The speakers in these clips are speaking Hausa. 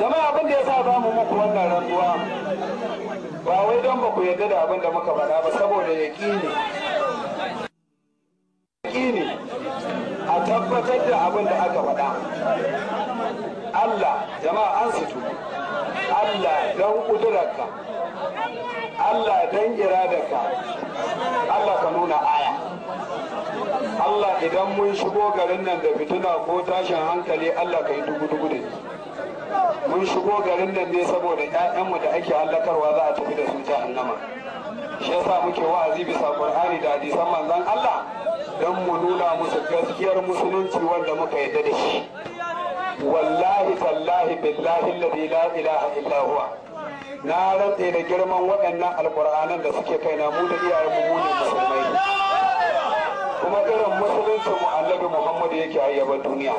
jama'a abin da ya sa ba mu muku wannan rantsuwa ba wai don ba ku yarda da abin da muka faɗa ba saboda ya ne a tabbatar da abin da aka faɗa Allah jama'a an situ Allah don ƙudurarka Allah don kira Allah idan mun shigo garin nan da fituna ko tashin hankali Allah ka yi dubu-dubu da mun shigo garin nan ne saboda 'ya'yanmu da ake hallakarwa za a tafi da su jahannama shi yasa muke wa'azi bisa Qur'ani da hadisan manzon Allah dan mu nuna musu gaskiyar musulunci wanda muka yadda da shi wallahi tallahi billahi alladhi la ilaha illa huwa na rantse da girman waɗannan alƙur'anan da suke kaina mu da iyayen mu ne musulmai kuma irin musulunci mu muhammadu yake ayyaba duniya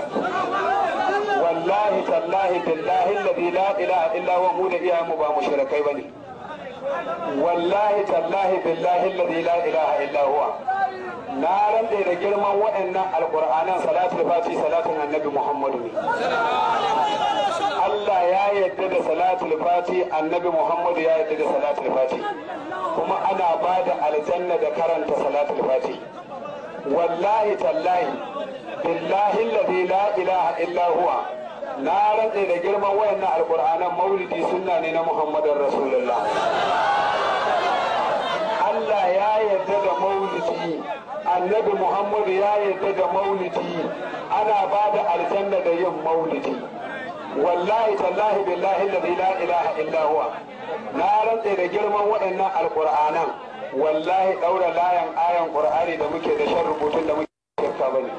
wallahi tallahi billahi alladhi la ilaha illa huwa mu da iyayenmu ba mushrikai bane wallahi tallahi billahi alladhi la ilaha illa huwa na rande da girman waɗannan alƙur'anan salatul fati salatun annabi muhammadu ne Allah ya yadda da salatul fati annabi muhammadu ya yadda da salatul fati kuma ana ba da aljanna da karanta salatul fati wallahi tallahi billahi alladhi la ilaha illa huwa na rantse da girman wayannan alqur'anan maulidi sunna ne na muhammadin rasulullah Allah ya yarda da maulidi annabi muhammad ya yarda da maulidi ana ba da aljanna da yin maulidi wallahi tallahi billahi alladhi la ilaha illa huwa na rantse da girman wayannan alqur'anan wallahi daura layan ayan qur'ani da muke da shan rubutun da muke kyauta bane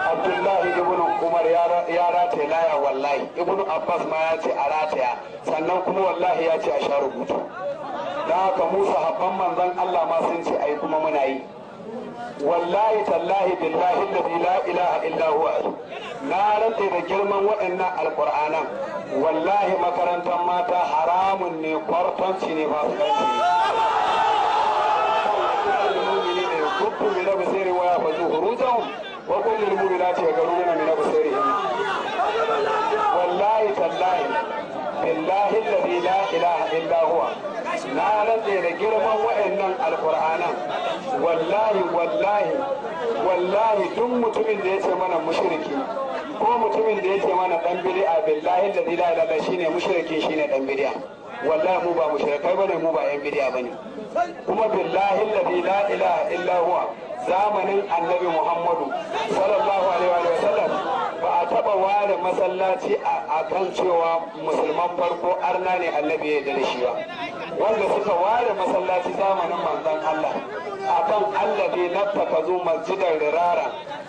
abdullahi Ibn umar ya rataya laya wallahi Ibn abbas ma ya ce a rataya sannan kuma wallahi ya ce a sha rubutu da haka musa habban manzon allah ma sun ce ai kuma muna yi wallahi tallahi billahi alladhi la ilaha illa huwa na rantse da girman waɗannan alqur'anan wallahi makarantar mata haramun ne kwartanci ne fasikanci ne وكن من بصير ويحفظوا فروجهم وكن للمؤمنات يقولون من بصيرهم والله تالله بالله الذي لا اله الا هو na rantse da girman wa'annan alkur'anan wallahi wallahi wallahi duk mutumin da ya ce mana mushriki ko mutumin da ya ce mana dan bid'a billahi da la wallahi mu ba mushrikai bane mu ba yan bid'a bane kuma billahi alladhi la ilaha illa huwa zamanin annabi muhammadu sallallahu alaihi wa sallam ba a taba ware masallaci a kan cewa musulman farko arna ne annabi ya da shi ba wanda suka ware masallaci zamanin alladhi nattakazu masjidan rirara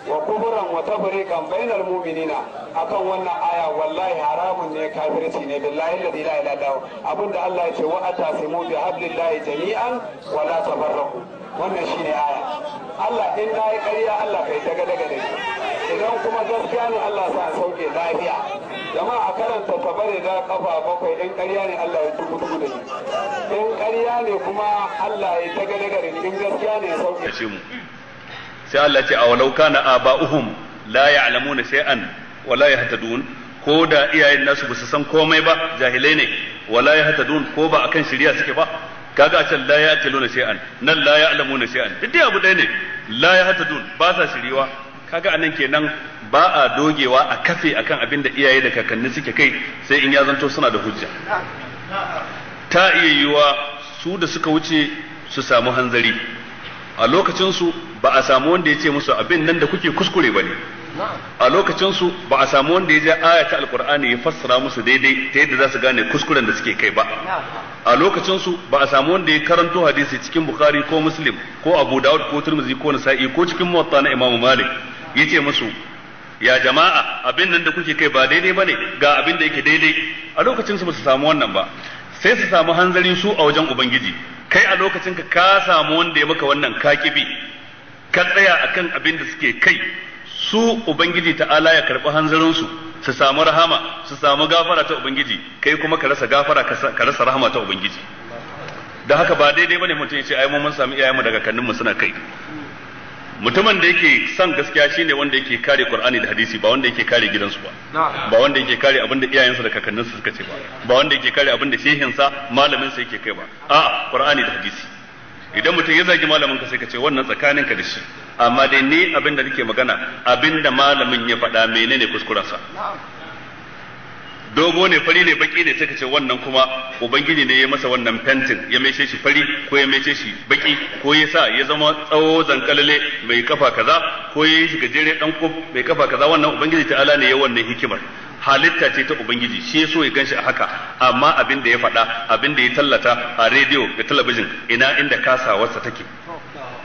wa kuburan wa tafriqan bainal mu'minina akan wannan aya wallahi haramun ne kafirci ne billahi alladhi la ilaha illa abinda Allah ya ce wa atasimu bi hablillahi jami'an wa la tafarraqu wannan shine aya Allah in nayi ƙarya Allah kai daga daga da idan kuma gaskiya ne Allah sa sauke lafiya jama'a karanta tabare da kafa bakwai in ƙarya ne Allah ya tuku tuku da ni in ƙarya ne kuma Allah ya ta gane garin in gaskiya ne sauke shi mu sai Allah ce a walau kana aba'uhum la ya'lamuna shay'an wa la yahtadun ko da iyayen nasu ba su san komai ba jahilai ne wa la yahtadun ko ba akan shari'a suke ba kaga a can la ya'tiluna shay'an nan la ya'lamuna shay'an duk abu ɗaya ne la yahtadun ba sa shiriwa kaga anan kenan ba a dogewa a kafe akan abin da iyaye da kakanni suke kai sai in ya zanto suna da hujja ta iya yiwa su da suka wuce su samu hanzari a lokacinsu ba a samu wanda ya ce musu abin nan da kuke kuskure ba ne a lokacinsu ba a samu wanda ya je aya ta alkur'ani ya fassara musu daidai ta yadda za su gane kuskuren da suke kai ba a lokacinsu ba a samu wanda ya karanto hadisi cikin bukhari ko muslim ko abu dawud ko turmuzi ko nasa'i ko cikin muwatta na imamu malik ya ce musu ya jama'a abin nan da kuke kai ba daidai ba ne ga abin da yake daidai a lokacinsu ba su samu wannan ba sai su samu hanzari su a wajen ubangiji kai a lokacin ka ka samu wanda ya maka wannan kakibi ka tsaya akan abin da suke kai su ubangiji ta'ala ya karbi hanzarin su su samu rahama su samu gafara ta ubangiji kai kuma ka rasa gafara ka rasa rahama ta ubangiji da haka ba daidai bane mutum ya ce ai mun sami iyayenmu daga kannin mu suna kai mutumin da yake son gaskiya shine wanda yake kare Qur'ani da hadisi ba wanda yake kare gidansu ba ba wanda yake kare abin da iyayensa da kakanninsa suka ce ba ba wanda yake kare abin da shehinsa malamin sa yake kai ba a Qur'ani da hadisi idan mutum ya zagi malamin ka sai ka ce wannan tsakanin ka da shi amma dai ni abin da nake magana abin da malamin ya faɗa menene kuskurensa dogo ne fari ne baki ne suka ce wannan kuma ubangiji ne ya masa wannan fentin ya maishe shi fari ko ya maishe shi baki ko ya sa ya zama tsawo zankalale mai kafa kaza ko ya yi shi gajere dan kuf mai kafa kaza wannan ubangiji ta'ala ne ya wannan hikimar halitta ce ta ubangiji shi ya so ya ganshi a haka amma abin da ya faɗa abin da ya tallata a rediyo da talabijin ina inda kasawarsa take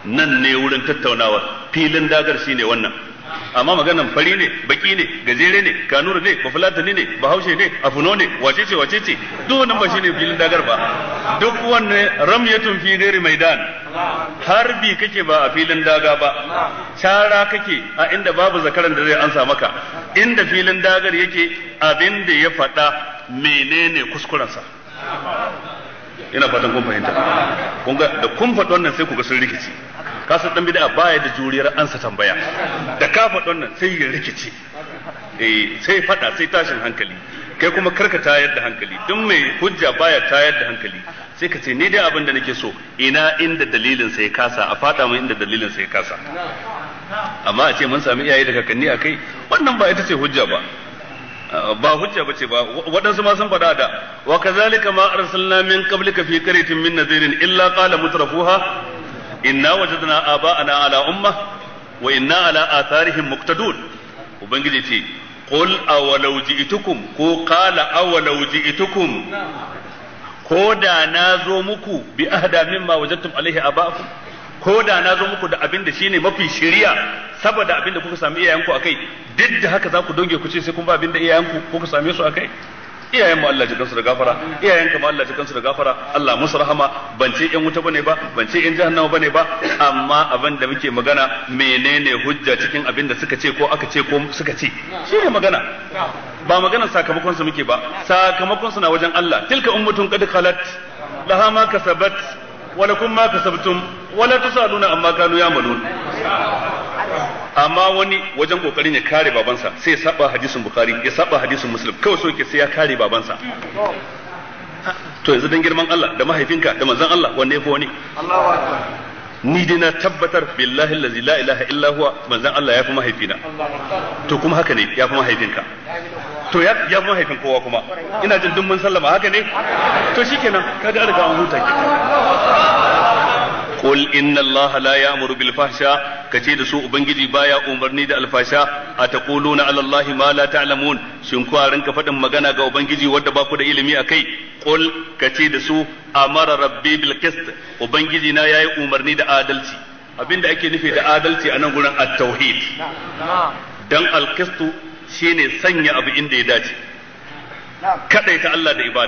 nan ne wurin tattaunawar filin dagar shine wannan amma maganan fari ne baki ne gajere ne kanura ne bafulatani ne bahaushe ne afuno ne wacece wacece duk wannan ba shine filin dagar ba duk wannan ramyatun fi gairi maidan harbi kake ba a filin daga ba cara kake a inda babu zakaran da zai ansa maka inda filin dagar yake abin da ya faɗa menene kuskurensa ina fatan kun fahimta kun ga da kun faɗi wannan sai ku ga sun rikici kasar dan bid'a baya da juriyar ansa tambaya da kafa faɗon nan sai ya rikice eh sai fada sai tashin hankali kai kuma karka tayar da hankali duk mai hujja baya tayar da hankali sai ka ce ni dai abin da nake so ina inda dalilin sai kasa a fada min inda dalilin sai kasa amma a ce mun sami iyaye da kakanni a kai wannan ba ita ce hujja ba ah, ba hujja ba ce ba waɗansu ma sun faɗa da wa kazalika ma arsalna min qablika fi qaryatin min nadirin illa qala mutrafuha inna wajadna aba'ana ala umma wa inna ala atharihim muqtadun ubangiji ce qul awalau ji'tukum ko qala awalau ji'tukum ko da na zo muku bi ahda mimma wajadtum alaihi aba'akum ko da na zo muku da abin da shine mafi shiriya saboda abin da kuka sami iyayenku akai duk da haka za ku doge ku ce sai kun ba abinda da iyayenku kuka same su akai iyayen mu Allah ji kansu da gafara iyayen ka ma Allah ji kansu da gafara Allah musu rahama ban ce yan wuta bane ba ban ce yan jahannama bane ba amma abin da muke magana menene hujja cikin abin da suka ce ko aka ce ko suka ce shine magana ba magana sakamakon su muke ba sakamakon su na wajen Allah tilka ummatun qad khalat laha ma kasabat wa lakum ma kasabtum wa la tusaluna amma kanu ya'malun amma wani wajen kokarin ya kare babansa sai ya saba hadisin bukhari ya saba hadisin muslim kawai so yake sai ya kare babansa to yanzu dan girman Allah da mahaifinka da manzon Allah wanne yafi wani Allahu akbar ni dai na tabbatar billahi allazi la ilaha illa huwa manzon Allah yafi mahaifina to kuma haka ne yafi mahaifinka to ya ya mahaifin kowa kuma ina jin dun mun sallama haka ne to shikenan kaga an riga an huta qul inna allaha la ya'muru bil fahsha kace da su ubangiji baya umarni da alfasha a ala allahi ma la ta'lamun shin ku rinka faɗin magana ga ubangiji wanda ba ku da ilimi akai qul kace da su amara rabbi bil qist ubangiji na yayi umarni da adalci abinda ake nufi da adalci a nan gurin at-tauhid dan al-qist shine sanya abu inda ya dace kadaita Allah da ibada